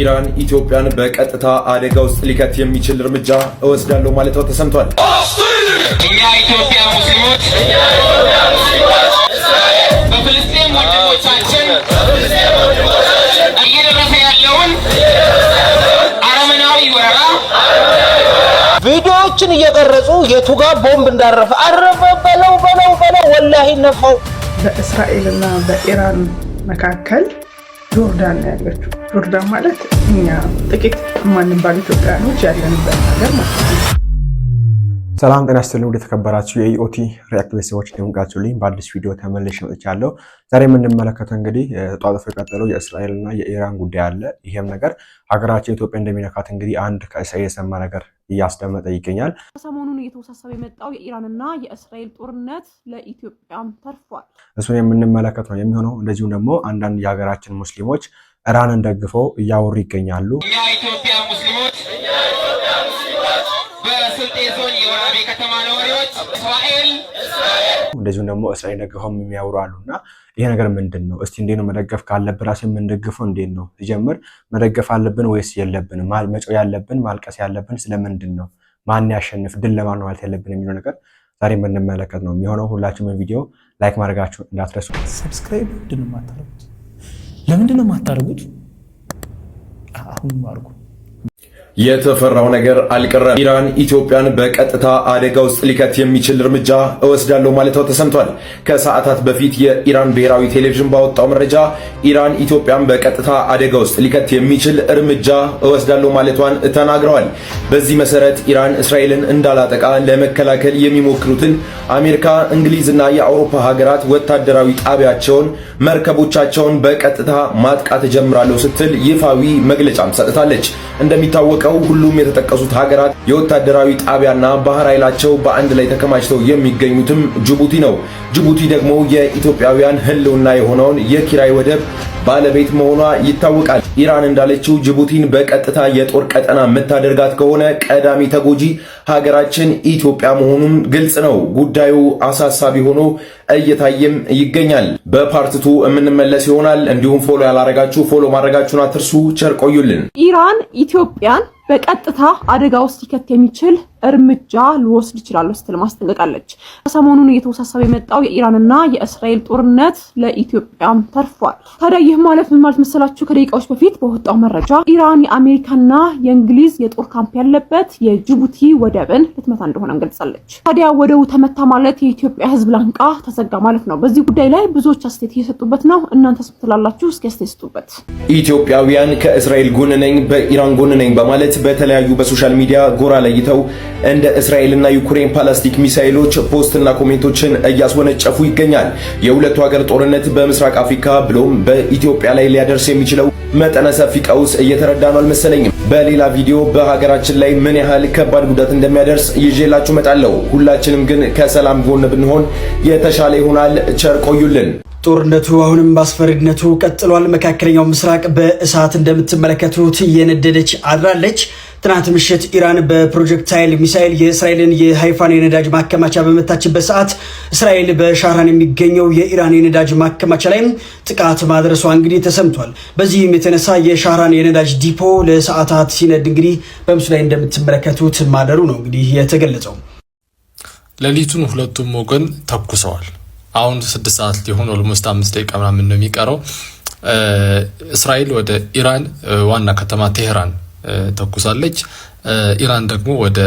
ኢራን ኢትዮጵያን በቀጥታ አደጋ ውስጥ ሊከት የሚችል እርምጃ እወስዳለሁ ማለቷ ተሰምቷል። እኛ ኢትዮጵያ ሙስሊሞች በፍልስጤም ወንድሞቻችን እየደረሰ ያለውን አረመናዊ ወረራ ቪዲዮዎችን እየቀረጹ የቱጋ ቦምብ እንዳረፈ አረፈ በለው በለው በለው ወላሂ ነፋው በእስራኤልና በኢራን መካከል ጆርዳን ነው ያለችው። ጆርዳን ማለት እኛ ጥቂት ማንባል ኢትዮጵያኖች ያለንበት ሀገር ማለት ነው። ሰላም ጤና ስትልን ወደ ተከበራችሁ የኢኦቲ ሪአክት ቤተሰቦች እንደምቃችሁልኝ በአዲስ ቪዲዮ ተመልሼ መጥቻለሁ። ዛሬ የምንመለከተው እንግዲህ ተጧጥፎ የቀጠለው የእስራኤል እና የኢራን ጉዳይ አለ። ይሄም ነገር ሀገራችን ኢትዮጵያ እንደሚነካት እንግዲህ አንድ ከእስራኤል የሰማ ነገር እያስደመጠ ይገኛል። ሰሞኑን እየተወሳሰበ የመጣው የኢራንና የእስራኤል ጦርነት ለኢትዮጵያም ተርፏል። እሱን የምንመለከት ነው የሚሆነው። እንደዚሁም ደግሞ አንዳንድ የሀገራችን ሙስሊሞች ኢራንን ደግፈው እያወሩ ይገኛሉ። እኛ ኢትዮጵያ ሙስሊሞች እንደዚሁም ደግሞ እስራኤል ደግፈው የሚያወሩ አሉ እና ይሄ ነገር ምንድን ነው? እስቲ እንዴት ነው መደገፍ ካለብን ራስ የምንደግፈው እንዴት ነው ሲጀምር መደገፍ አለብን ወይስ የለብን? መጮ ያለብን ማልቀስ ያለብን ስለምንድን ነው? ማን ያሸንፍ ድል ለማን ማለት ያለብን የሚለው ነገር ዛሬ የምንመለከት ነው የሚሆነው። ሁላችሁም ቪዲዮ ላይክ ማድረጋችሁ እንዳትረሱ። ሰብስክራይብ ምንድን ነው የማታደርጉት? ለምንድን ነው የማታደርጉት? አሁን አድርጉ። የተፈራው ነገር አልቀረም። ኢራን ኢትዮጵያን በቀጥታ አደጋ ውስጥ ሊከት የሚችል እርምጃ እወስዳለሁ ማለቷ ተሰምቷል። ከሰዓታት በፊት የኢራን ብሔራዊ ቴሌቪዥን ባወጣው መረጃ ኢራን ኢትዮጵያን በቀጥታ አደጋ ውስጥ ሊከት የሚችል እርምጃ እወስዳለሁ ማለቷን ተናግረዋል። በዚህ መሰረት ኢራን እስራኤልን እንዳላጠቃ ለመከላከል የሚሞክሩትን አሜሪካ፣ እንግሊዝና የአውሮፓ ሀገራት ወታደራዊ ጣቢያቸውን፣ መርከቦቻቸውን በቀጥታ ማጥቃት ጀምራለሁ ስትል ይፋዊ መግለጫም ሰጥታለች። እንደሚታወቀው ተዋውቀው ሁሉም የተጠቀሱት ሀገራት የወታደራዊ ጣቢያና ባህር ኃይላቸው በአንድ ላይ ተከማችተው የሚገኙትም ጅቡቲ ነው። ጅቡቲ ደግሞ የኢትዮጵያውያን ህልውና የሆነውን የኪራይ ወደብ ባለቤት መሆኗ ይታወቃል። ኢራን እንዳለችው ጅቡቲን በቀጥታ የጦር ቀጠና የምታደርጋት ከሆነ ቀዳሚ ተጎጂ ሀገራችን ኢትዮጵያ መሆኑን ግልጽ ነው። ጉዳዩ አሳሳቢ ሆኖ እየታየም ይገኛል። በፓርትቱ የምንመለስ ይሆናል። እንዲሁም ፎሎ ያላረጋችሁ ፎሎ ማድረጋችሁን አትርሱ። ቸር ቆዩልን። ኢራን ኢትዮጵያን በቀጥታ አደጋ ውስጥ ሊከት የሚችል እርምጃ ልወስድ እችላለሁ ስትል ማስጠንቀቃለች። ሰሞኑን እየተወሳሰበ የመጣው የኢራንና የእስራኤል ጦርነት ለኢትዮጵያም ተርፏል። ታዲያ ይህ ማለት ምን ማለት መሰላችሁ? ከደቂቃዎች በፊት በወጣው መረጃ ኢራን የአሜሪካና የእንግሊዝ የጦር ካምፕ ያለበት የጅቡቲ ወደብን ልትመታ እንደሆነ ገልጻለች። ታዲያ ወደቡ ተመታ ማለት የኢትዮጵያ ሕዝብ ላንቃ ተዘጋ ማለት ነው። በዚህ ጉዳይ ላይ ብዙዎች አስተያየት እየሰጡበት ነው። እናንተ ምን ትላላችሁ? እስኪ አስተያየት ስጡበት። ኢትዮጵያውያን ከእስራኤል ጎን ነኝ፣ በኢራን ጎን ነኝ በማለት በተለያዩ በሶሻል ሚዲያ ጎራ ለይተው እንደ እስራኤልና ዩክሬን ፓላስቲክ ሚሳኤሎች ፖስትና ኮሜንቶችን እያስወነጨፉ ይገኛል። የሁለቱ ሀገር ጦርነት በምስራቅ አፍሪካ ብሎም በኢትዮጵያ ላይ ሊያደርስ የሚችለው መጠነ ሰፊ ቀውስ እየተረዳ ነው አልመሰለኝም። በሌላ ቪዲዮ በሀገራችን ላይ ምን ያህል ከባድ ጉዳት እንደሚያደርስ ይዤላችሁ እመጣለሁ። ሁላችንም ግን ከሰላም ጎን ብንሆን የተሻለ ይሆናል። ቸር ቆዩልን። ጦርነቱ አሁንም በአስፈሪነቱ ቀጥሏል። መካከለኛው ምስራቅ በእሳት እንደምትመለከቱት እየነደደች አድራለች። ትናንት ምሽት ኢራን በፕሮጀክት ኃይል ሚሳኤል የእስራኤልን የሃይፋን የነዳጅ ማከማቻ በመታችበት ሰዓት እስራኤል በሻራን የሚገኘው የኢራን የነዳጅ ማከማቻ ላይም ጥቃት ማድረሷ እንግዲህ ተሰምቷል። በዚህም የተነሳ የሻራን የነዳጅ ዲፖ ለሰዓታት ሲነድ እንግዲህ በምስሉ ላይ እንደምትመለከቱት ማደሩ ነው እንግዲህ የተገለጸው። ሌሊቱን ሁለቱም ወገን ተኩሰዋል። አሁን ስድስት ሰዓት ሊሆን ኦልሞስት አምስት ደቂቃ ምናምን ነው የሚቀረው። እስራኤል ወደ ኢራን ዋና ከተማ ቴህራን ተኩሳለች። ኢራን ደግሞ ወደ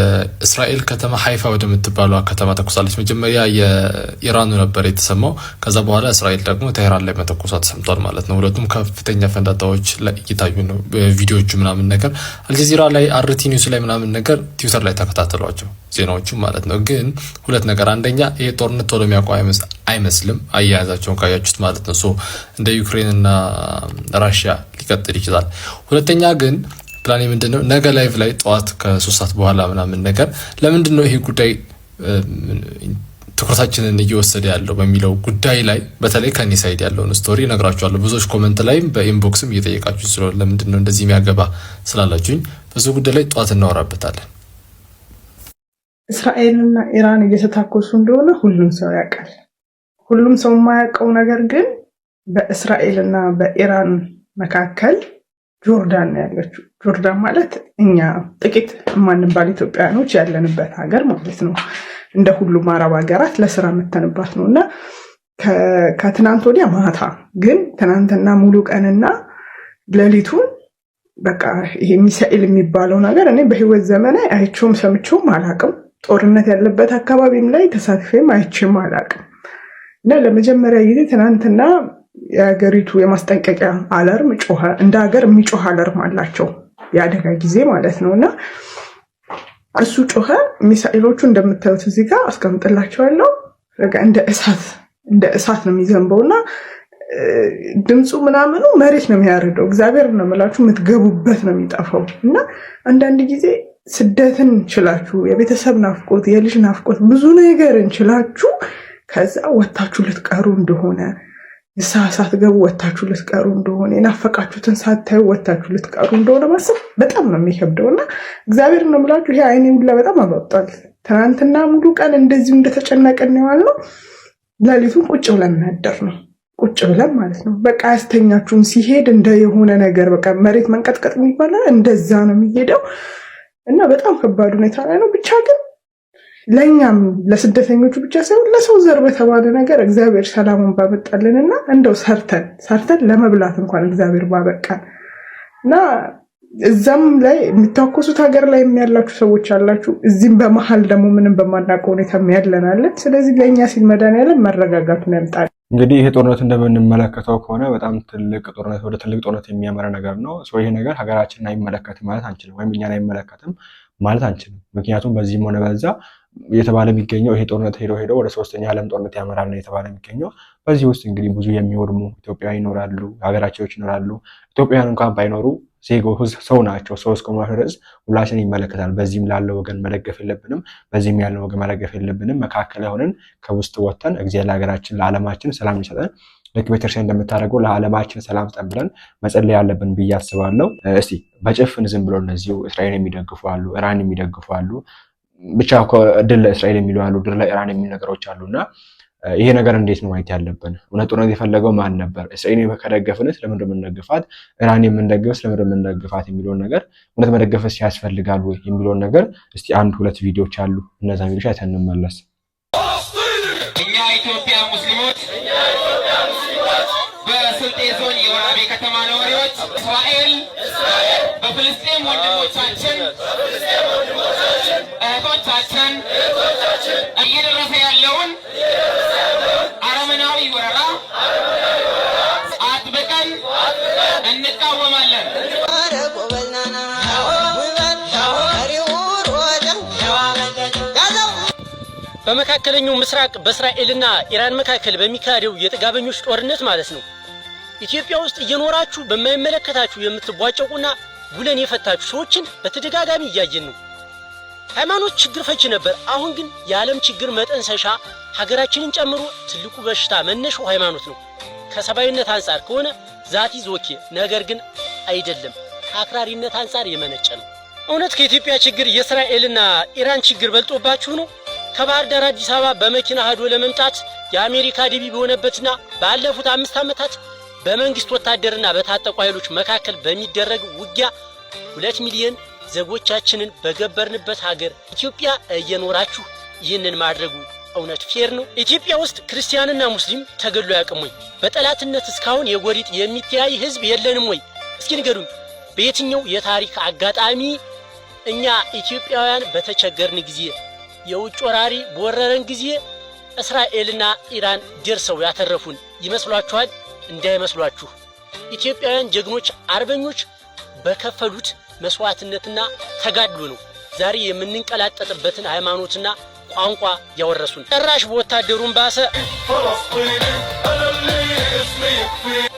እስራኤል ከተማ ሀይፋ ወደምትባለዋ ከተማ ተኩሳለች። መጀመሪያ የኢራኑ ነበር የተሰማው። ከዛ በኋላ እስራኤል ደግሞ ቴህራን ላይ መተኮሷ ተሰምቷል ማለት ነው። ሁለቱም ከፍተኛ ፈንዳታዎች እየታዩ ነው። ቪዲዮቹ ምናምን ነገር አልጀዚራ ላይ አርቲ ኒውስ ላይ ምናምን ነገር ትዊተር ላይ ተከታተሏቸው ዜናዎቹ ማለት ነው። ግን ሁለት ነገር፣ አንደኛ ይሄ ጦርነት ቶሎ የሚያቆም አይመስልም አያያዛቸውን ካያችሁት ማለት ነው። እንደ ዩክሬንና ራሽያ ሊቀጥል ይችላል። ሁለተኛ ግን ፕላን የምንድነው ነገ ላይቭ ላይ ጠዋት ከሶስት ሰዓት በኋላ ምናምን ነገር ለምንድን ነው ይሄ ጉዳይ ትኩረታችንን እየወሰደ ያለው በሚለው ጉዳይ ላይ በተለይ ከኔ ሳይድ ያለውን ስቶሪ ነግራችኋለሁ። ብዙዎች ኮመንት ላይም በኢንቦክስም እየጠየቃችሁ ስለሆነ ለምንድን ነው እንደዚህ የሚያገባ ስላላችሁኝ ብዙ ጉዳይ ላይ ጠዋት እናወራበታለን። እስራኤልና ኢራን እየተታኮሱ እንደሆነ ሁሉም ሰው ያውቃል። ሁሉም ሰው የማያውቀው ነገር ግን በእስራኤልና በኢራን መካከል ጆርዳን ነው ያለችው። ጆርዳን ማለት እኛ ጥቂት የማንባል ኢትዮጵያውያኖች ያለንበት ሀገር ማለት ነው። እንደ ሁሉም አረብ ሀገራት ለስራ መተንባት ነው እና ከትናንት ወዲያ ማታ ግን ትናንትና ሙሉ ቀንና ሌሊቱን በቃ ይሄ ሚሳኤል የሚባለው ነገር እኔ በህይወት ዘመን አይቼውም ሰምቼውም አላቅም። ጦርነት ያለበት አካባቢም ላይ ተሳትፌም አይቼም አላቅም እና ለመጀመሪያ ጊዜ ትናንትና የሀገሪቱ የማስጠንቀቂያ አለርም ጮኸ። እንደ ሀገር የሚጮህ አለርም አላቸው የአደጋ ጊዜ ማለት ነው እና እሱ ጮኸ። ሚሳኤሎቹ እንደምታዩት እዚህ ጋር አስቀምጥላቸዋለሁ። እንደ እሳት እንደ እሳት ነው የሚዘንበው እና ድምፁ ምናምኑ መሬት ነው የሚያርደው። እግዚአብሔር ነው የምላችሁ የምትገቡበት ነው የሚጠፋው። እና አንዳንድ ጊዜ ስደትን ችላችሁ የቤተሰብ ናፍቆት፣ የልጅ ናፍቆት፣ ብዙ ነገር እንችላችሁ ከዛ ወታችሁ ልትቀሩ እንደሆነ ንስሐ ሳትገቡ ወታችሁ ልትቀሩ እንደሆነ የናፈቃችሁትን ሳታዩ ወታችሁ ልትቀሩ እንደሆነ ማሰብ በጣም ነው የሚከብደው እና እግዚአብሔር ነው የምላችሁ። ይሄ አይኔ ሁላ በጣም አባብጧል። ትናንትና ሙሉ ቀን እንደዚሁ እንደተጨነቅን የዋልነው ሌሊቱን ቁጭ ብለን እናደር ነው ቁጭ ብለን ማለት ነው። በቃ ያስተኛችሁም ሲሄድ እንደ የሆነ ነገር በቃ መሬት መንቀጥቀጥ የሚባለው እንደዛ ነው የሚሄደው እና በጣም ከባድ ሁኔታ ላይ ነው ብቻ ግን ለእኛም ለስደተኞቹ ብቻ ሳይሆን ለሰው ዘር በተባለ ነገር እግዚአብሔር ሰላሙን ባበጣልን እና እንደው ሰርተን ሰርተን ለመብላት እንኳን እግዚአብሔር ባበቃን እና እዛም ላይ የሚታኮሱት ሀገር ላይ የሚያላችሁ ሰዎች አላችሁ። እዚህም በመሀል ደግሞ ምንም በማናውቀው ሁኔታ የሚያለናለን። ስለዚህ ለእኛ ሲል መድኃኒዓለም መረጋጋቱን ያምጣል። እንግዲህ ይሄ ጦርነት እንደምንመለከተው ከሆነ በጣም ትልቅ ጦርነት ወደ ትልቅ ጦርነት የሚያመራ ነገር ነው። ይሄ ነገር ሀገራችንን አይመለከትም ማለት አንችልም፣ ወይም እኛን አይመለከትም ማለት አንችልም። ምክንያቱም በዚህም ሆነ በዛ እየተባለ የሚገኘው ይሄ ጦርነት ሄዶ ሄዶ ወደ ሶስተኛ ዓለም ጦርነት ያመራል ነው የተባለ የሚገኘው። በዚህ ውስጥ እንግዲህ ብዙ የሚወድሙ ኢትዮጵያዊ ይኖራሉ፣ ሀገራቸዎች ይኖራሉ። ኢትዮጵያውያን እንኳን ባይኖሩ ዜጎ ሰው ናቸው። ሰው እስከሆናቸው ድረስ ሁላችን ይመለከታል። በዚህም ላለው ወገን መደገፍ የለብንም፣ በዚህም ያለው ወገን መደገፍ የለብንም። መካከል ሆነን ከውስጥ ወጥተን እግዚአብሔር ለሀገራችን ለዓለማችን ሰላም ይሰጠን። ልክ ቤተክርስቲያን እንደምታደርገው ለዓለማችን ሰላም ስጠን ብለን መጸለይ ያለብን ብዬ አስባለሁ። እስቲ በጭፍን ዝም ብሎ እነዚሁ እስራኤል የሚደግፉ አሉ፣ ኢራን የሚደግፉ አሉ ብቻ ድል ለእስራኤል የሚሉ ያሉ ድል ለኢራን የሚሉ ነገሮች አሉና ይሄ ነገር እንዴት ነው ማየት ያለብን? እውነት እውነት የፈለገው ማን ነበር? እስራኤል ከደገፍን ስለምንድን የምንደግፋት? ኢራን የምንደግፍ ስለምንድን የምንደግፋት? የሚለውን ነገር እውነት መደገፍስ ያስፈልጋል ወይ የሚለውን ነገር እስቲ አንድ ሁለት ቪዲዮዎች አሉ፣ እነዛ ቪዲዮች አይተን እንመለስ። እኛ ኢትዮጵያ ሙስሊሞች በስልጤ ዞን የወራቤ ከተማ ነዋሪዎች እስራኤል በፍልስጤም ወንድሞቻችን እህቶቻችን እየደረሰ ያለውን አረመናዊ ወረራ አጥብቀን እንቃወማለን። በመካከለኛው ምስራቅ በእስራኤልና ኢራን መካከል በሚካሄደው የጥጋበኞች ጦርነት ማለት ነው ኢትዮጵያ ውስጥ እየኖራችሁ በማይመለከታችሁ የምትቧጨቁና ጉለን የፈታችሁ ሰዎችን በተደጋጋሚ እያየን ነው። ሃይማኖት ችግር ፈች ነበር። አሁን ግን የዓለም ችግር መጠን ሰሻ ሀገራችንን ጨምሮ ትልቁ በሽታ መነሻው ሃይማኖት ነው። ከሰብአዊነት አንጻር ከሆነ ዛቲ ዞኬ ነገር ግን አይደለም። ከአክራሪነት አንጻር የመነጨ ነው። እውነት ከኢትዮጵያ ችግር የእስራኤልና ኢራን ችግር በልጦባችሁ ነው? ከባህር ዳር አዲስ አበባ በመኪና ሀዶ ለመምጣት የአሜሪካ ዲቢ በሆነበትና ባለፉት አምስት ዓመታት በመንግስት ወታደርና በታጠቁ ኃይሎች መካከል በሚደረግ ውጊያ ሁለት ሚሊዮን ዜጎቻችንን በገበርንበት ሀገር ኢትዮጵያ እየኖራችሁ ይህንን ማድረጉ እውነት ፌር ነው? ኢትዮጵያ ውስጥ ክርስቲያንና ሙስሊም ተገሎ ያቅም ወይ? በጠላትነት እስካሁን የጎሪጥ የሚተያይ ህዝብ የለንም ወይ? እስኪ ንገዱን። በየትኛው የታሪክ አጋጣሚ እኛ ኢትዮጵያውያን በተቸገርን ጊዜ፣ የውጭ ወራሪ በወረረን ጊዜ እስራኤልና ኢራን ደርሰው ያተረፉን ይመስሏችኋል? እንዳይመስሏችሁ። ኢትዮጵያውያን ጀግኖች አርበኞች በከፈሉት መስዋዕትነትና ተጋድሎ ነው ዛሬ የምንንቀላጠጥበትን ሃይማኖትና ቋንቋ ያወረሱን። ጭራሽ በወታደሩን ባሰ።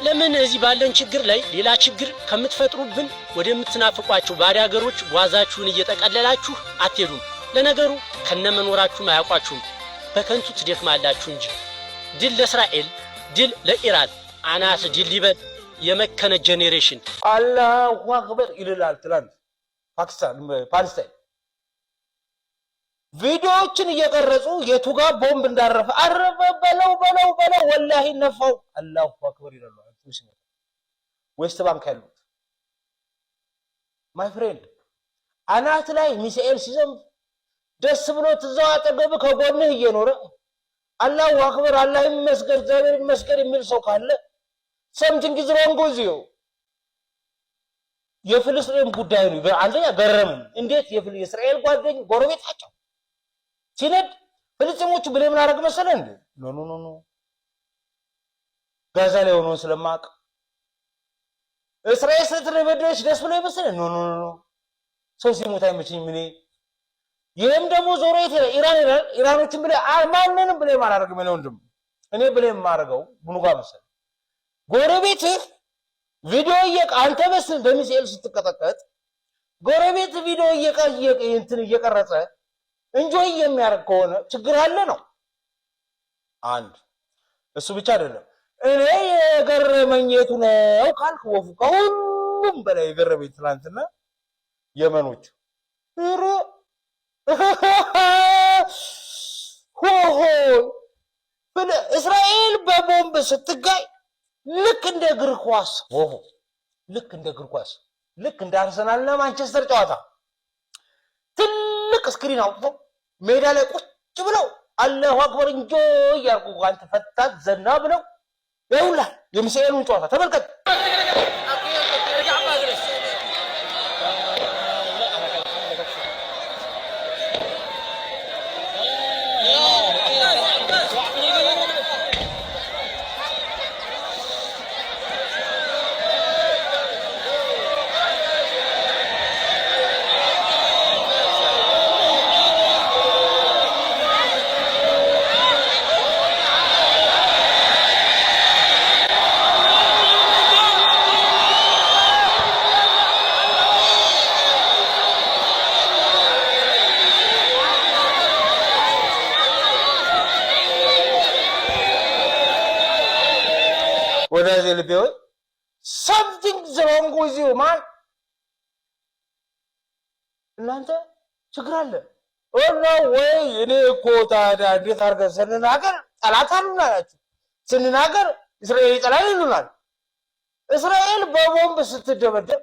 ለምን እዚህ ባለን ችግር ላይ ሌላ ችግር ከምትፈጥሩብን ወደምትናፍቋቸው ባዕድ አገሮች ጓዛችሁን እየጠቀለላችሁ አትሄዱም? ለነገሩ ከነመኖራችሁም አያውቋችሁም፣ በከንቱ ትደክማላችሁ እንጂ። ድል ለእስራኤል፣ ድል ለኢራን። አናት ድል ይበል። የመከነ ጄኔሬሽን አላሁ አክበር ይልላል። ትላንት ፓኪስታን ፓለስታይን ቪዲዮዎችን እየቀረጹ የቱጋ ቦምብ እንዳረፈ አረፈ በለው በለው በለው ወላሂ ነፋው አላሁ አክበር ይላሉ። ዌስት ባንክ ያሉት ማይ ፍሬንድ አናት ላይ ሚሳኤል ሲዘንብ ደስ ብሎ ትዛው አጠገብ ከጎንህ እየኖረ አላሁ አክበር አላህ ይመስገን እግዚአብሔር ይመስገን የሚል ሰው ካለ ሰምቲንግ ኢዝ ሮንግ ዊዝ ዩ። የፍልስጤም ጉዳይ ነው። አንደኛ ገረመኝ። እንዴት የፍል የእስራኤል ጓደኝ ጎረቤታቸው ሲነድ ፍልስጤሞቹ ብለ ምን አደረግ መሰለ እንዴ ኖ ኖ ኖ ኖ ጋዛ ላይ ሆኖ ስለማቅ እስራኤል ስለተደበደበች ደስ ብሎ ይመስል ኖ ኖ ኖ ሰው ሲሞት አይመችኝም እኔ ይህም ደግሞ ዞሮ ኢራን ኢራኖችን ብለ ማንንም ብለ ማላደርግ ነው ወንድም እኔ ብለ የማደርገው ምኑ ጋር መሰለ ጎረቤትህ ቪዲዮ እየቀ አንተ በስ በሚሳኤል ስትቀጠቀጥ ጎረቤት ቪዲዮ እየቀ እንትን እየቀረጸ እንጆይ የሚያደርግ ከሆነ ችግር አለ ነው። አንድ እሱ ብቻ አይደለም። እኔ የገረመኝቱ ነው ካልክ ወፉ ከሁሉም በላይ የገረመኝ ትናንትና የመኖች ሩ ሆሆ እስራኤል በቦምብ ስትጋይ ልክ እንደ እግር ኳስ ሆሆ ልክ እንደ እግር ኳስ ልክ እንደ አርሰናልና ማንቸስተር ጨዋታ ትልቅ ስክሪን አውጥቶ ሜዳ ላይ ቁጭ ብለው አላሁ አክበር እንጆ እያልኩ አንተ ፈታት ዘና ብለው ይውላል የምስኤሉን ጨዋታ ተመልከት። ታዲያ እንዴት አድርገን ስንናገር ጠላት አሉን አላችሁ፣ ስንናገር እስራኤል ጠላት ይሉናል። እስራኤል በቦምብ ስትደበደብ፣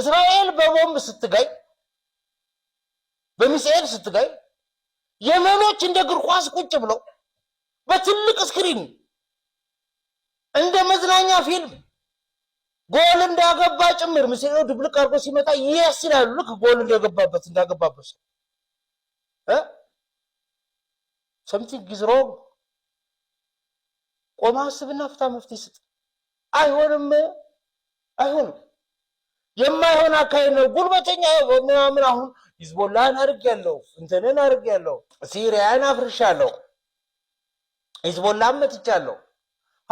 እስራኤል በቦምብ ስትጋይ፣ በሚሳኤል ስትጋይ፣ የመኖች እንደ እግር ኳስ ቁጭ ብለው በትልቅ ስክሪን እንደ መዝናኛ ፊልም ጎል እንዳገባ ጭምር ምስሌ ድብልቅ አድርጎ ሲመጣ የስ ይላሉ። ልክ ጎል እንደገባበት እንዳገባበት ሰው ሰምቲንግ ግዝሮ ቆማ አስብና ፍታ መፍትሄ ስጥ። አይሆንም፣ አይሆንም የማይሆን አካሄድ ነው። ጉልበተኛ ምናምን አሁን ሂዝቦላን ያለው እንትንን ያለው ሲሪያን አፍርሻለሁ፣ ሂዝቦላን መትቻለሁ፣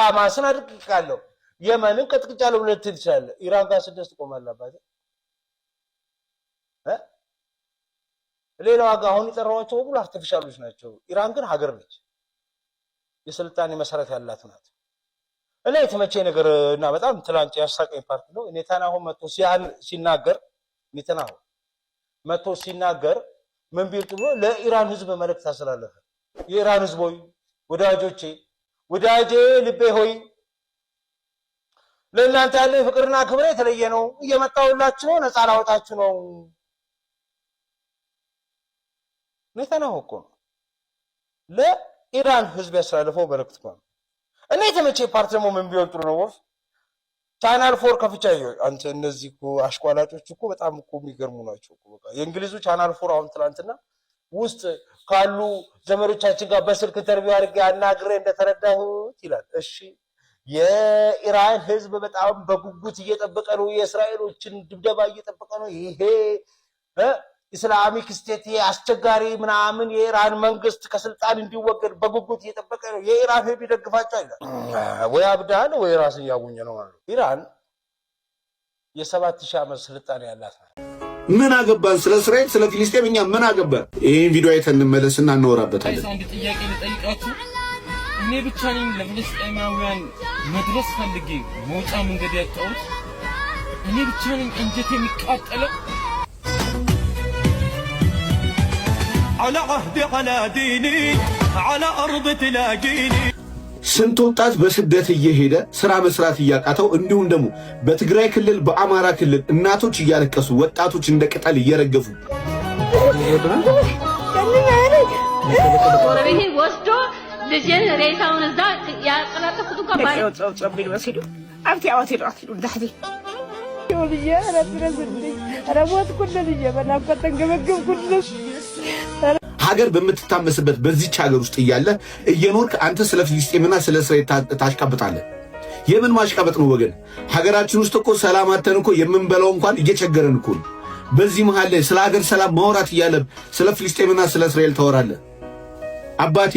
ሃማስን አድቅቃለሁ የመንን ቀጥቅጫለሁ ብለህ ልትሄድ ኢራን ጋር ስደት ትቆማላባት ሌላዋ ጋር አሁን የጠራኋቸው በሙሉ አርቲፊሻሎች ናቸው። ኢራን ግን ሀገር ነች፣ የስልጣኔ መሰረት ያላት ናት። እኔ የተመቼ ነገር እና በጣም ትላንት ያሳቀኝ ፓርቲ ነው። ኔታንያሁ መጥቶ ሲናገር ኔታንያሁ መጥቶ ሲናገር ምን ቢል ጥሩ ለኢራን ህዝብ መልእክት አስተላለፈ። የኢራን ህዝብ ሆይ ወዳጆቼ፣ ወዳጄ ልቤ ሆይ ለእናንተ ያለ ፍቅርና ክብር የተለየ ነው። እየመጣሁላችሁ ነው፣ ነፃ ላወጣችሁ ነው። ኔታንያሁ እኮ ለኢራን ህዝብ ያስተላልፈው መልእክት እኮ ነው። እኔ የተመቼ ፓርቲ ደግሞ ምን ቢሆን ጥሩ ነው? ወፍ ቻናል ፎር ከፍቻ አንተ እነዚህ እኮ አሽቋላጮች እኮ በጣም እኮ የሚገርሙ ናቸው። በቃ የእንግሊዙ ቻናል ፎር አሁን ትላንትና ውስጥ ካሉ ዘመዶቻችን ጋር በስልክ ኢንተርቪው አድርጌ አናግሬ እንደተረዳሁት ይላል። እሺ የኢራን ህዝብ በጣም በጉጉት እየጠበቀ ነው። የእስራኤሎችን ድብደባ እየጠበቀ ነው። ይሄ ኢስላሚክ ስቴት አስቸጋሪ ምናምን የኢራን መንግስት ከስልጣን እንዲወገድ በጉጉት እየጠበቀ ነው። የኢራን ህዝብ ይደግፋቸዋል። ወይ አብዳል ወይ ራስን እያጎኘ ነው ማለት ኢራን የሰባት ሺህ ዓመት ስልጣን ያላት ናት። ምን አገባን ስለ እስራኤል ስለ ፊሊስጤም እኛ ምን አገባን? ይህን ቪዲዮ አይተን እንመለስና እናወራበታለን። አንድ ጥያቄ ልጠይቃችሁ እኔ ብቻ ነኝ ለፍልስጤማውያን መድረስ ፈልጌ መውጫ መንገድ ያጣሁት። እኔ ብቻ ነኝ እንጀት የሚቃጠለው። على عهدي على ديني على أرض تلاقيني ስንት ወጣት በስደት እየሄደ ስራ መስራት እያቃተው እንዲሁም ደግሞ በትግራይ ክልል በአማራ ክልል እናቶች እያለቀሱ ወጣቶች እንደ ቅጠል እየረገፉ ወስዶ ሀገር በምትታመስበት በዚች ሀገር ውስጥ እያለ እየኖርክ አንተ ስለ ፍልስጤምና ስለ እስራኤል ታሽቃብጣለህ። የምን ማሽቃበጥ ነው ወገን? ሀገራችን ውስጥ እኮ ሰላም አተን እኮ የምንበላው እንኳን እየቸገረን እኮ ነው። በዚህ መሃል ላይ ስለ ሀገር ሰላም ማውራት እያለ ስለ ፍልስጤምና ስለ እስራኤል ታወራለህ አባቴ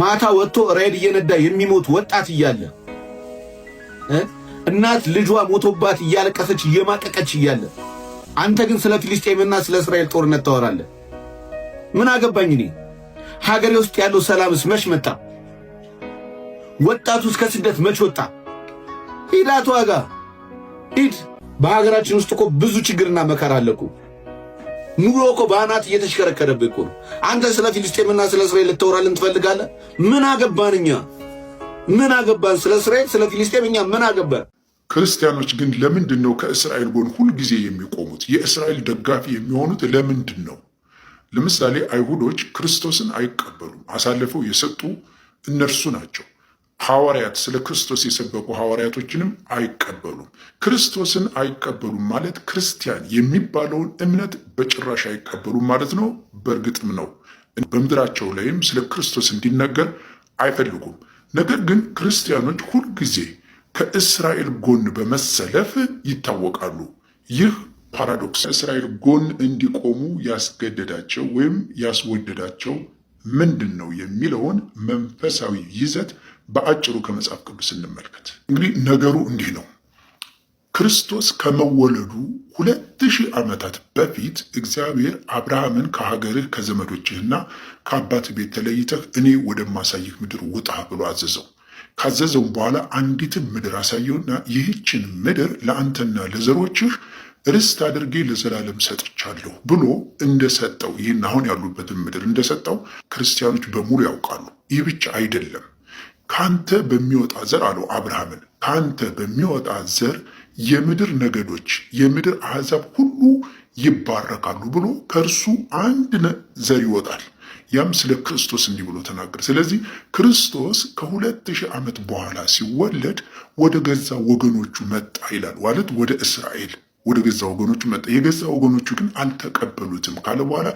ማታ ወጥቶ ሬድ እየነዳ የሚሞት ወጣት እያለ እናት ልጇ ሞቶባት እያለቀሰች እየማቀቀች እያለ አንተ ግን ስለ ፊልስጤምና ስለ እስራኤል ጦርነት ታወራለህ። ምን አገባኝ እኔ። ሀገሬ ውስጥ ያለው ሰላምስ መች መጣ? እስከ ከስደት መች ወጣ? ሂድ አትዋጋ፣ ሂድ። በሀገራችን ውስጥ እኮ ብዙ ችግርና መከራ አለ እኮ ኑሮ እኮ በአናት እየተሽከረከረብህ እኮ ነው። አንተ ስለ ፊልስጤምና ስለ እስራኤል ልታወራልን ትፈልጋለህ? ምን አገባን እኛ ምን አገባን? ስለ እስራኤል ስለ ፊልስጤም እኛ ምን አገባን? ክርስቲያኖች ግን ለምንድን ነው ከእስራኤል ጎን ሁልጊዜ የሚቆሙት? የእስራኤል ደጋፊ የሚሆኑት ለምንድን ነው? ለምሳሌ አይሁዶች ክርስቶስን አይቀበሉም። አሳልፈው የሰጡ እነርሱ ናቸው። ሐዋርያት ስለ ክርስቶስ የሰበኩ ሐዋርያቶችንም አይቀበሉም። ክርስቶስን አይቀበሉም ማለት ክርስቲያን የሚባለውን እምነት በጭራሽ አይቀበሉም ማለት ነው። በእርግጥም ነው። በምድራቸው ላይም ስለ ክርስቶስ እንዲነገር አይፈልጉም። ነገር ግን ክርስቲያኖች ሁልጊዜ ከእስራኤል ጎን በመሰለፍ ይታወቃሉ። ይህ ፓራዶክስ ከእስራኤል ጎን እንዲቆሙ ያስገደዳቸው ወይም ያስወደዳቸው ምንድን ነው የሚለውን መንፈሳዊ ይዘት በአጭሩ ከመጽሐፍ ቅዱስ እንመልከት። እንግዲህ ነገሩ እንዲህ ነው። ክርስቶስ ከመወለዱ ሁለት ሺህ ዓመታት በፊት እግዚአብሔር አብርሃምን ከሀገርህ ከዘመዶችህና ከአባት ቤት ተለይተህ እኔ ወደማሳይህ ምድር ውጣ ብሎ አዘዘው። ካዘዘውም በኋላ አንዲትን ምድር አሳየውና ይህችን ምድር ለአንተና ለዘሮችህ ርስት አድርጌ ለዘላለም ሰጥቻለሁ ብሎ እንደሰጠው ይህን አሁን ያሉበትን ምድር እንደሰጠው ክርስቲያኖች በሙሉ ያውቃሉ። ይህ ብቻ አይደለም። ካንተ በሚወጣ ዘር አለው አብርሃምን፣ ካንተ በሚወጣ ዘር የምድር ነገዶች የምድር አሕዛብ ሁሉ ይባረካሉ ብሎ ከእርሱ አንድ ዘር ይወጣል። ያም ስለ ክርስቶስ እንዲህ ብሎ ተናገር። ስለዚህ ክርስቶስ ከሁለት ሺህ ዓመት በኋላ ሲወለድ ወደ ገዛ ወገኖቹ መጣ ይላል፣ ማለት ወደ እስራኤል ወደ ገዛ ወገኖቹ መጣ። የገዛ ወገኖቹ ግን አልተቀበሉትም ካለ በኋላ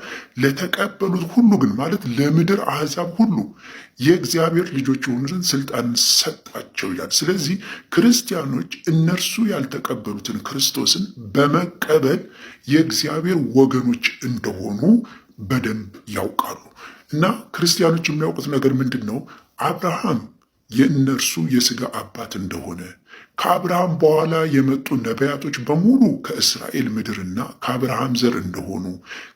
ለተቀበሉት ሁሉ ግን ማለት ለምድር አሕዛብ ሁሉ የእግዚአብሔር ልጆች የሆኑ ዘንድ ስልጣን ሰጣቸው ይላል። ስለዚህ ክርስቲያኖች እነርሱ ያልተቀበሉትን ክርስቶስን በመቀበል የእግዚአብሔር ወገኖች እንደሆኑ በደንብ ያውቃሉ። እና ክርስቲያኖች የሚያውቁት ነገር ምንድን ነው? አብርሃም የእነርሱ የሥጋ አባት እንደሆነ ከአብርሃም በኋላ የመጡ ነቢያቶች በሙሉ ከእስራኤል ምድርና ከአብርሃም ዘር እንደሆኑ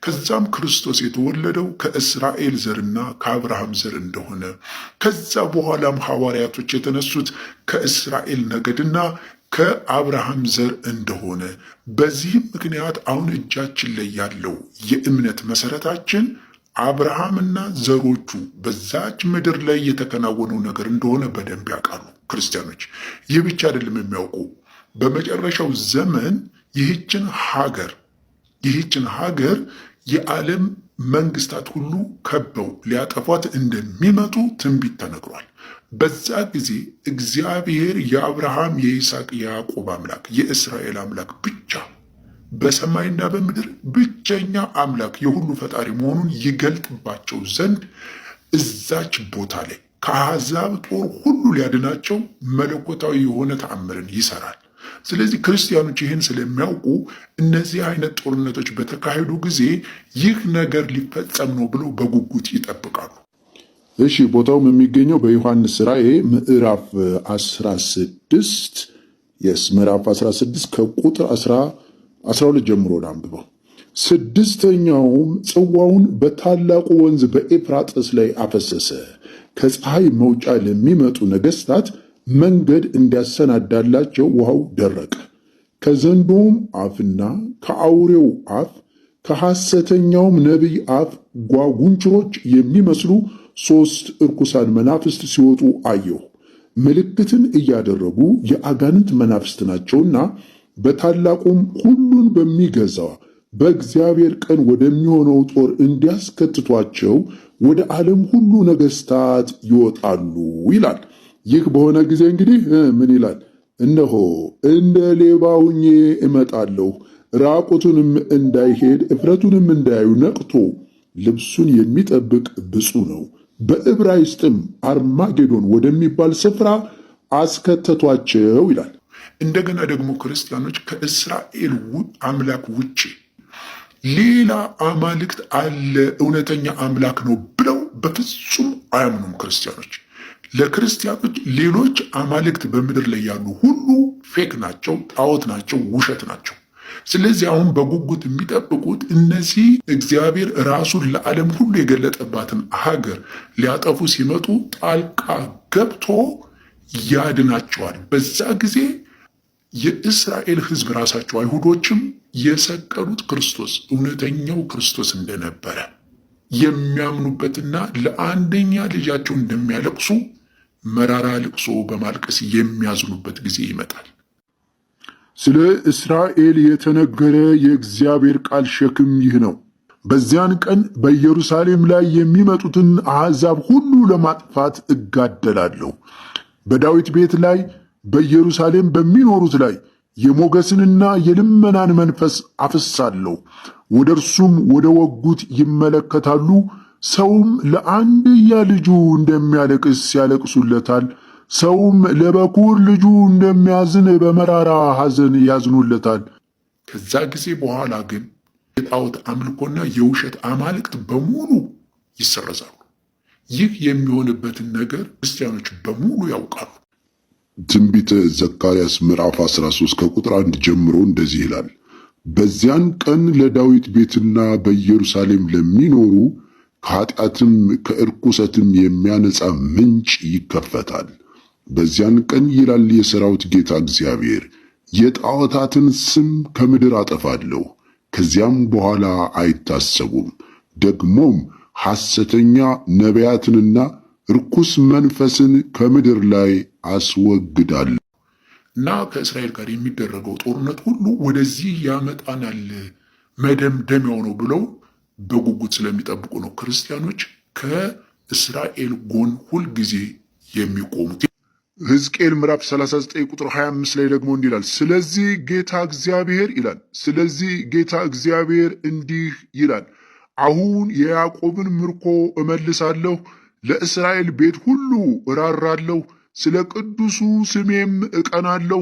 ከዛም ክርስቶስ የተወለደው ከእስራኤል ዘርና ከአብርሃም ዘር እንደሆነ ከዛ በኋላም ሐዋርያቶች የተነሱት ከእስራኤል ነገድና ከአብርሃም ዘር እንደሆነ በዚህም ምክንያት አሁን እጃችን ላይ ያለው የእምነት መሠረታችን አብርሃምና ዘሮቹ በዛች ምድር ላይ የተከናወነው ነገር እንደሆነ በደንብ ያውቃሉ ክርስቲያኖች። ይህ ብቻ አይደለም የሚያውቁ በመጨረሻው ዘመን ይህችን ሀገር ይህችን ሀገር የዓለም መንግስታት ሁሉ ከበው ሊያጠፏት እንደሚመጡ ትንቢት ተነግሯል። በዛ ጊዜ እግዚአብሔር የአብርሃም የይስሐቅ፣ የያዕቆብ አምላክ የእስራኤል አምላክ ብቻ በሰማይና በምድር ብቸኛ አምላክ የሁሉ ፈጣሪ መሆኑን ይገልጥባቸው ዘንድ እዛች ቦታ ላይ ከአሕዛብ ጦር ሁሉ ሊያድናቸው መለኮታዊ የሆነ ተአምርን ይሰራል። ስለዚህ ክርስቲያኖች ይህን ስለሚያውቁ እነዚህ አይነት ጦርነቶች በተካሄዱ ጊዜ ይህ ነገር ሊፈጸም ነው ብለው በጉጉት ይጠብቃሉ። እሺ፣ ቦታውም የሚገኘው በዮሐንስ ራእይ ምዕራፍ 16 የስ ምዕራፍ 16 ከቁጥር አስራ ሁለት ጀምሮ አንብበው። ስድስተኛውም ጽዋውን በታላቁ ወንዝ በኤፍራጥስ ላይ አፈሰሰ፣ ከፀሐይ መውጫ ለሚመጡ ነገስታት መንገድ እንዲያሰናዳላቸው ውሃው ደረቀ። ከዘንዶውም አፍና ከአውሬው አፍ ከሐሰተኛውም ነቢይ አፍ ጓጉንችሮች የሚመስሉ ሦስት እርኩሳን መናፍስት ሲወጡ አየሁ። ምልክትን እያደረጉ የአጋንንት መናፍስት ናቸውና በታላቁም ሁሉን በሚገዛ በእግዚአብሔር ቀን ወደሚሆነው ጦር እንዲያስከትቷቸው ወደ ዓለም ሁሉ ነገሥታት ይወጣሉ ይላል። ይህ በሆነ ጊዜ እንግዲህ ምን ይላል? እነሆ እንደ ሌባ ሁኜ እመጣለሁ፣ ራቁቱንም እንዳይሄድ እፍረቱንም እንዳያዩ ነቅቶ ልብሱን የሚጠብቅ ብፁ ነው። በዕብራይስጥም አርማጌዶን ወደሚባል ስፍራ አስከተቷቸው ይላል። እንደገና ደግሞ ክርስቲያኖች ከእስራኤል አምላክ ውጭ ሌላ አማልክት አለ እውነተኛ አምላክ ነው ብለው በፍጹም አያምኑም። ክርስቲያኖች ለክርስቲያኖች ሌሎች አማልክት በምድር ላይ ያሉ ሁሉ ፌክ ናቸው፣ ጣዖት ናቸው፣ ውሸት ናቸው። ስለዚህ አሁን በጉጉት የሚጠብቁት እነዚህ እግዚአብሔር ራሱን ለዓለም ሁሉ የገለጠባትን ሀገር ሊያጠፉ ሲመጡ ጣልቃ ገብቶ ያድናቸዋል። በዛ ጊዜ የእስራኤል ሕዝብ ራሳቸው አይሁዶችም የሰቀሉት ክርስቶስ እውነተኛው ክርስቶስ እንደነበረ የሚያምኑበትና ለአንደኛ ልጃቸው እንደሚያለቅሱ መራራ ልቅሶ በማልቀስ የሚያዝኑበት ጊዜ ይመጣል። ስለ እስራኤል የተነገረ የእግዚአብሔር ቃል ሸክም ይህ ነው። በዚያን ቀን በኢየሩሳሌም ላይ የሚመጡትን አሕዛብ ሁሉ ለማጥፋት እጋደላለሁ። በዳዊት ቤት ላይ በኢየሩሳሌም በሚኖሩት ላይ የሞገስንና የልመናን መንፈስ አፍሳለሁ። ወደ እርሱም ወደ ወጉት ይመለከታሉ። ሰውም ለአንድያ ልጁ እንደሚያለቅስ ያለቅሱለታል። ሰውም ለበኩር ልጁ እንደሚያዝን በመራራ ሐዘን ያዝኑለታል። ከዛ ጊዜ በኋላ ግን የጣዖት አምልኮና የውሸት አማልክት በሙሉ ይሰረዛሉ። ይህ የሚሆንበትን ነገር ክርስቲያኖች በሙሉ ያውቃሉ። ትንቢተ ዘካርያስ ምዕራፍ 13 ከቁጥር 1 ጀምሮ እንደዚህ ይላል። በዚያን ቀን ለዳዊት ቤትና በኢየሩሳሌም ለሚኖሩ ከኃጢአትም ከእርኩሰትም የሚያነጻ ምንጭ ይከፈታል። በዚያን ቀን ይላል የሰራዊት ጌታ እግዚአብሔር፣ የጣዖታትን ስም ከምድር አጠፋለሁ፣ ከዚያም በኋላ አይታሰቡም። ደግሞም ሐሰተኛ ነቢያትንና ርኩስ መንፈስን ከምድር ላይ አስወግዳለሁ እና ከእስራኤል ጋር የሚደረገው ጦርነት ሁሉ ወደዚህ ያመጣናል መደምደሚያው ነው ብለው በጉጉት ስለሚጠብቁ ነው ክርስቲያኖች ከእስራኤል ጎን ሁልጊዜ የሚቆሙት። ሕዝቅኤል ምዕራፍ 39 ቁጥር 25 ላይ ደግሞ እንዲህ ይላል፣ ስለዚህ ጌታ እግዚአብሔር ይላል፣ ስለዚህ ጌታ እግዚአብሔር እንዲህ ይላል፣ አሁን የያዕቆብን ምርኮ እመልሳለሁ ለእስራኤል ቤት ሁሉ እራራለሁ፣ ስለ ቅዱሱ ስሜም እቀናለሁ።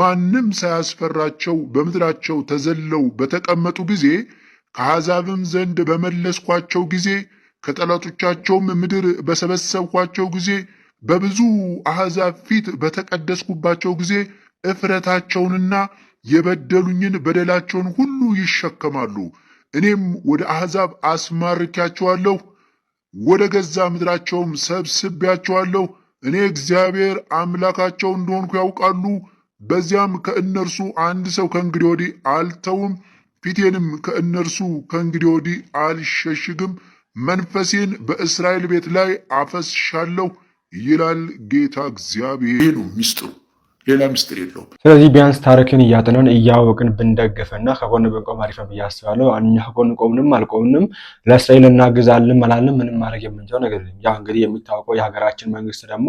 ማንም ሳያስፈራቸው በምድራቸው ተዘለው በተቀመጡ ጊዜ ከአሕዛብም ዘንድ በመለስኳቸው ጊዜ ከጠላቶቻቸውም ምድር በሰበሰብኳቸው ጊዜ በብዙ አሕዛብ ፊት በተቀደስኩባቸው ጊዜ እፍረታቸውንና የበደሉኝን በደላቸውን ሁሉ ይሸከማሉ። እኔም ወደ አሕዛብ አስማርኪያቸዋለሁ ወደ ገዛ ምድራቸውም ሰብስቤያቸዋለሁ። እኔ እግዚአብሔር አምላካቸው እንደሆንኩ ያውቃሉ። በዚያም ከእነርሱ አንድ ሰው ከእንግዲህ ወዲህ አልተውም፣ ፊቴንም ከእነርሱ ከእንግዲህ ወዲህ አልሸሽግም። መንፈሴን በእስራኤል ቤት ላይ አፈስሻለሁ ይላል ጌታ እግዚአብሔር። ነው ሚስጥሩ። ሌላ ምስጢር የለውም። ስለዚህ ቢያንስ ታሪክን እያጥነን እያወቅን ብንደግፍና ከጎን ብንቆም አሪፍ ነው ብዬ አስባለሁ። እኛ ከጎን ቆምንም አልቆምንም ለእስራኤል እናግዛለን መላልንም ምንም ማድረግ የምንችለው ነገር የለም። ያው እንግዲህ የሚታወቀው የሀገራችን መንግስት ደግሞ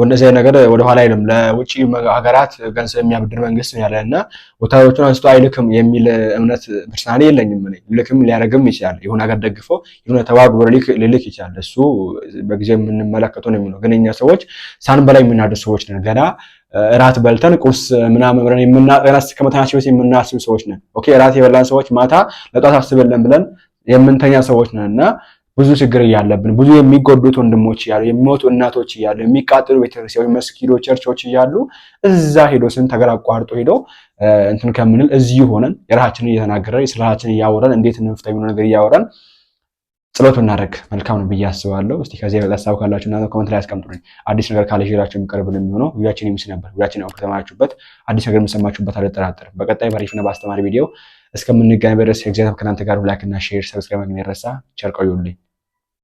ወደዚህ ነገር ወደኋላ አይልም። ለውጭ ሀገራት ገንዘብ የሚያብድር መንግስት ያለ እና ወታደሮቹን አንስቶ አይልክም የሚል እምነት ፐርሰናሊ የለኝም። ልክም ሊያደርግም ይችላል። የሆነ ሀገር ደግፎ የሆነ ተባግሮ ሊልክ ይችላል። እሱ በጊዜ የምንመለከተው ነው የሚለው ግን እኛ ሰዎች በላይ የምናደር ሰዎች ነን ገና እራት በልተን ቁርስ ምናምን ብለን እራት ከመተኛታችን በፊት የምናስብ ሰዎች ነን። ኦኬ እራት የበላን ሰዎች ማታ ለጧት አስብልን ብለን የምንተኛ ሰዎች ነን እና ብዙ ችግር እያለብን ብዙ የሚጎዱት ወንድሞች እያሉ የሚሞቱ እናቶች እያሉ የሚቃጥሉ ቤተክርስቲያኖች፣ መስጊዶች፣ ቸርቾች እያሉ እዛ ሄዶ ስን ተገር አቋርጦ ሄዶ እንትን ከምንል እዚሁ ሆነን የራሳችንን እየተናገረን ስራችን እያወራን እንዴት እንፍታ የሚለው ነገር እያወራን ጸሎት ብናደርግ መልካም ነው ብዬ አስባለሁ። እስቲ ከዚህ የበለጠ ሀሳብ ካላችሁ እናንተ ኮመንት ላይ አስቀምጡልኝ። አዲስ ነገር ካለ ሽራችሁ የሚቀርብል የሚሆነው ቪዲዮችን የሚስ ነበር። ቪዲዮችን ያው ከተማራችሁበት አዲስ ነገር የምሰማችሁበት አልጠራጠርም። በቀጣይ በአሪፍና በአስተማሪ ቪዲዮ እስከምንገናኝ በድረስ የእግዚአብሔር ከእናንተ ጋር። ላይክና ሼር፣ ሰብስክራይብ ማግኘት ረሳ። ቸር ቆዩልኝ።